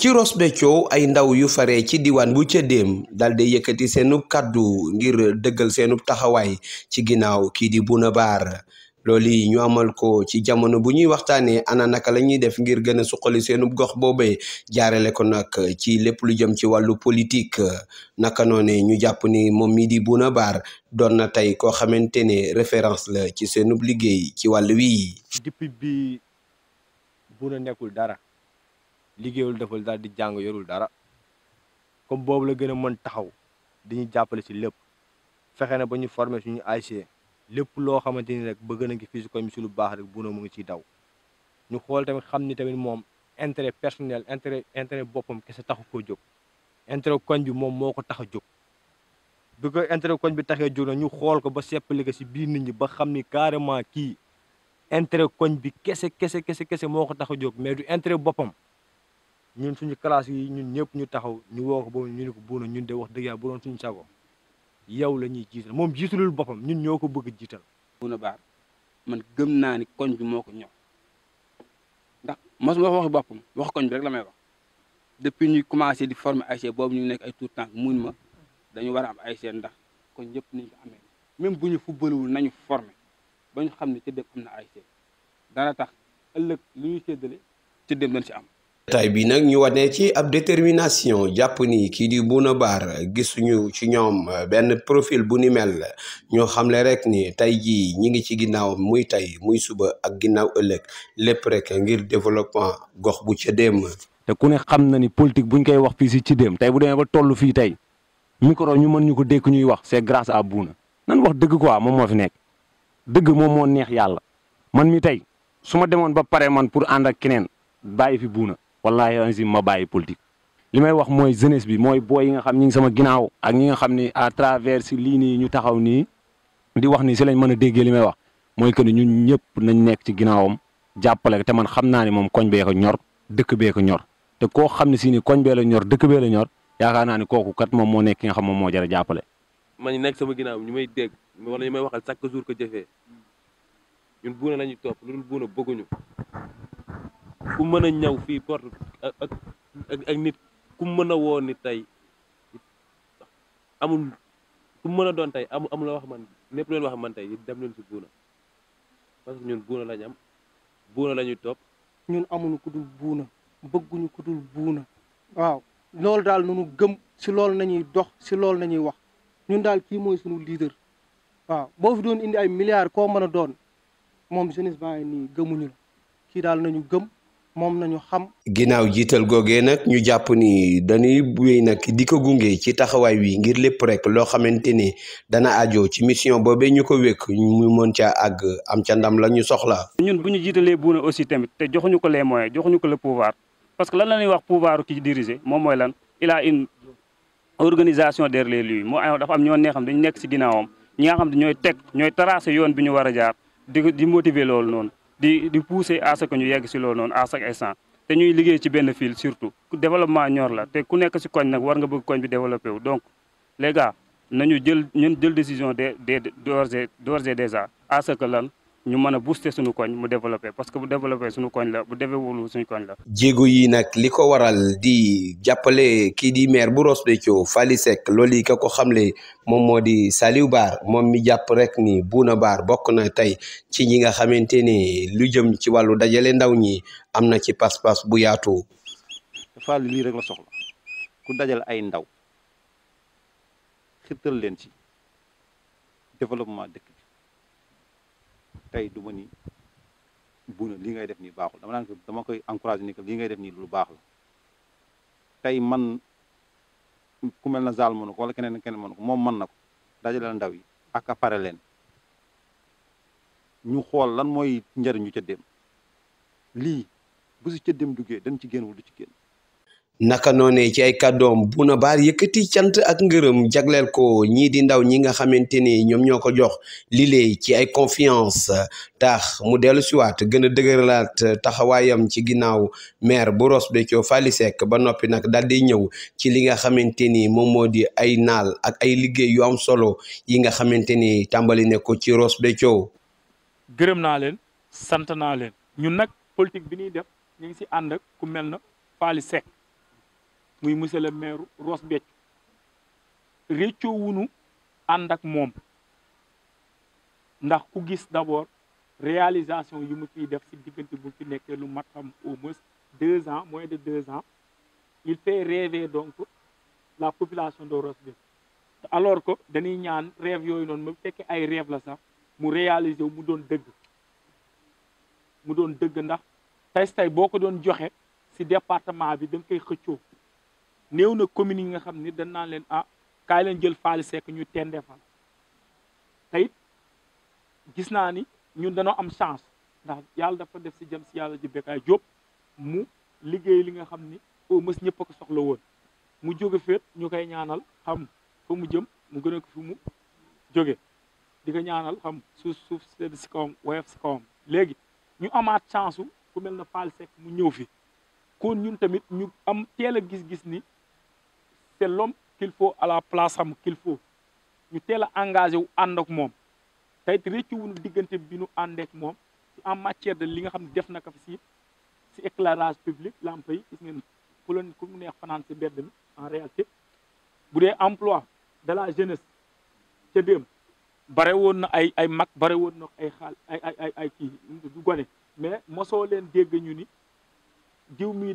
ci Ross ay ndaw yu fare ci diwaan bu cëddeem dal di yëkkati seenub kàddu ngir dëggal seenub taxawaay ci ginnaaw kii di Bouna Bar loolu yi ñu amal ko ci jamono bu ñuy waxtaanee ana naka lañuy def ngir gën a suqali seenub gox boobee jaarale ko nag ci lépp lu jëm ci wàllu politique naka noone ñu jàpp ni moom mii di Bouna baar doon na tey koo xamante ne référence la ci seenub liggéey ci wàllu wii. depuis bi Bouna nekkul dara. liggéeyul deful daal di jàng yorul dara comme boobu la gën a man taxaw dañu jàppale si lépp fexe na ba ñu formé suñu ASC lépp loo xamante ni rek bëgg na ngi fii si koñ bi si lu baax rek bu na mu ngi ciy daw ñu xool tamit xam ni tamit moom intérêt personnel intérêt intérêt boppam kese taxu koo jóg intérêt koñ bi moom moo ko tax a jóg bi ko intérêt koñ bi taxee jóg na ñu xool ko ba seppali ko si biir nit ñi ba xam ni carrément kii intérêt koñ bi kese kese kese kese moo ko tax jóg mais du intérêt boppam ñun suñu classe yi ñun ñëpp ñu taxaw ñu woo ko ba ñu ne ko buuna ñun de wax dëgg yàlla bu doon suñu sago yow la ñuy jiital moom jiitalul boppam ñun ñoo ko bëgg jiital. buuna baar man gëm naa ni koñ bi moo ko ñor ndax mosuma wax waxi boppam wax koñ bi rek la may wax depuis ñu commencé di forme former ASC boobu ñu nekk ay tout tànk mun ma dañu war a am ASC ndax kon yëpp nañ ko amee même bu ñu fu footballwul nañu forme ba ñu xam ne ci dem am na ay dana tax ëllëg lu ñuy séddale ci dem si am. tey bi nag ñu wane ci ab détermination jàpp ni kii di Bouna Bar gisuñu ci ñoom euh, benn profil bu ni mel ñoo xamle rek ni tey jii ñi ngi ci ginnaaw muy tey muy suba ak ginnaaw ëllëg lépp rek ngir développement gox bu ca dem. te ku ne xam na ni politique buñ koy wax fii si ci dem tey bu demee ba toll fii tey micro ñu mën ñu ko dékk ñuy wax c'est grace à buuna nan wax dëgg quoi moom moo fi nekk dëgg moom moo neex yàlla man mi tey su ma demoon ba pare man pour ànd ak keneen bàyyi fi Bouna. wallaahi ansi ma bàyyi politique. li may wax mooy jeunesse bi mooy boo yi nga xam ñi ngi sama ginnaaw ak ñi nga xam ni à travers si lii nii ñu taxaw nii di wax ni si lañ mën a déggee li may wax mooy que ni ñun ñëpp nañ nekk ci ginnaawam jàppale te man xam naa ne moom koñ bee ko ñor dëkk bee ñor te koo xam ne si ni koñ bee la ñor dëkk bee la ñor yaakaar naa ne kooku kat moom moo nekk ki nga xam moom moo jar jàppale. man nekk sama ginnaaw ñu may dégg wala ñu may waxal chaque jour ko jëfee ñun buuna lañu topp loolu buuna bëgguñu ku mën a ñëw fii porte ak ak nit ku mën a woo nit tey amul ku mën a doon tey amul amul wax man lépp leen wax man tey dem leen si buuna parce que ñun buuna la am buuna la ñuy topp. ñun amuñu ku dul buuna bëgguñu ku dul buuna waaw loolu daal nu gëm si lool na ñuy dox si loolu ñuy wax ñun daal kii mooy sunu leader waaw boo fi doon indi ay milliards koo mën a doon moom jeunesse baa ngi nii gëmuñu kii daal nañu gëm. moom nañu xam. ginaaw jiital googee nag ñu jàpp ni dañuy wéy nag di ko gunge ci taxawaay wi ngir lépp rek loo xamante ni dana ajo ci mission boobee ñu ko wékk mu mën caa àgg am ca ndam la ñu soxla. ñun bu ñu jiitalee buuna aussi tamit te joxuñu ko les moyens joxuñu ko la pouvoir parce que lan la ñuy wax pouvoir ki diriger moom mooy lan il a une organisation derrière lui moo dafa am ñoo nee dañu nekk si ginnaawam ñi nga ñooy teg ñooy tracé yoon bi ñu war a jaar di di motiver loolu noonu. di di pousser à ce ñu yegg si loolu noonu à chaque instant te ñuy liggéey ci benn fil surtout développement ñor la te ku nekk si koñ nag war nga bëgg koñ bi développé wu donc les na ñu jël ñun jël décision de de d'ores et déjà à ce que lan ñu mën a booster suñu koñ mu développé parce que bu développé suñu koñ la bu développé suñu koñ la. jéego yi nag li ko waral di jàppale kii di maire bu Ross Béthio Faly Seck loolu yi ka ko xamle moom moo di Saliou Baar moom mi jàpp rek ni Bouna Baar bokk na tey ci ñi nga xamante ni lu jëm ci wàllu dajale ndaw ñi am na ci pas-pas bu yaatu. Faly lii rek la soxla ku dajal ay ndaw xirtal leen ci développement dëkk tey duma ma ni Bouna li ngay def ni baaxul dama naan dama koy encouragé ni ko li ngay def nii lu baax la tey man ku mel na Zal mënu ko wala keneen keneen mënu ko moom man na ko dajale ndaw yi ak a pare leen ñu xool lan mooy njëriñu ca dem lii bu si ca dem duggee dañ ci génn wul du ci génn naka noonee ci ay kàddoom Bouna Bar yëkkati cant ak ngërëm jagleel ko ñii di ndaw ñi nga xamante ni ñoom ñoo ko jox lilee ci ay confiance tax mu dellu siwaat gën a dëgëralaat taxawaayam ci ginnaaw maire bu Ross Béthio Fally sek ba noppi nag dal di ñëw ci li nga xamante ni moom moo di ay naal ak ay liggéey yu solo yi nga xamante ni tàmbali ne ko ci Ross Béthio gërëm naa leen sant na leen ñun nag politique bi ñuy def ñu ngi si ànd ku mel na Fally muy monsieur le maire Ross Béthio réccoo wunu ànd ak moom ndax ku gis d'abord réalisation yi mu ciy def ci diggante bu fi nekkee lu matam au moins 2 ans moins de 2 ans il fait rêver donc la population de Ross Béthio alors que dañuy ñaan rêve yoy non mu fekk ay rêve la sax mu réaliser mu doon deug mu doon deug ndax tay tay boko ko doon joxe ci département bi dang nga koy xëccoo néew na communes yi nga xam ni dañ naan leen ah kay leen jël faali sekk ñu tendee fa te gis naa ni ñun dañoo am chance ndax yàlla dafa def si jëm si yàlla ji Bécaye Diop mu liggéey li nga xam ni au mës ñëpp a ko soxla woon mu jóge féet ñu koy ñaanal xam fa mu jëm mu gën a ko fi mu jóge di ko ñaanal xam suuf suuf sedd si kawam woyof si kawam léegi ñu amaat chance ku mel na faal mu ñëw fi kon ñun tamit ñu am teel a gis-gis ni te l'homme qu'il faut à la place am qu'il faut ñu teel a engagé wu ànd ak moom tey it réccu wuñu diggante bi ñu ànd ak moom en matière de li nga xam ne def na ko fi si si publique public lampe yi gis ngeen ku leen mu neex fanaan si en réalité bu dee emploi de la jeunesse ca bare woon na ay ay mag bare woon na ay xaal ay ay kii du gone mais mosoo leen dégg ñu ni diw mii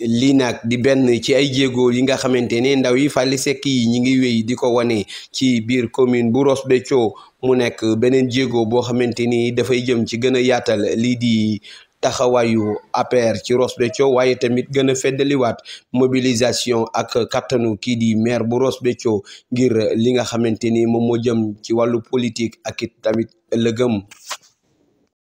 lii nag di benn ci ay jéego li nga xamante ni ndaw yi Fally Seck yi ñi ngi wéy di ko wane ci biir commune bu Ross Béthio mu nekk beneen jéego boo xamante ni dafay jëm ci gën a yaatal lii di. taxawaayu APR ci Ross Béthio waaye tamit gën a feddaliwaat mobilisation ak kattanu kii di maire bu Ross Béthio ngir li nga xamante ni moom moo jëm ci wàllu politique ak it tamit ëllëgëm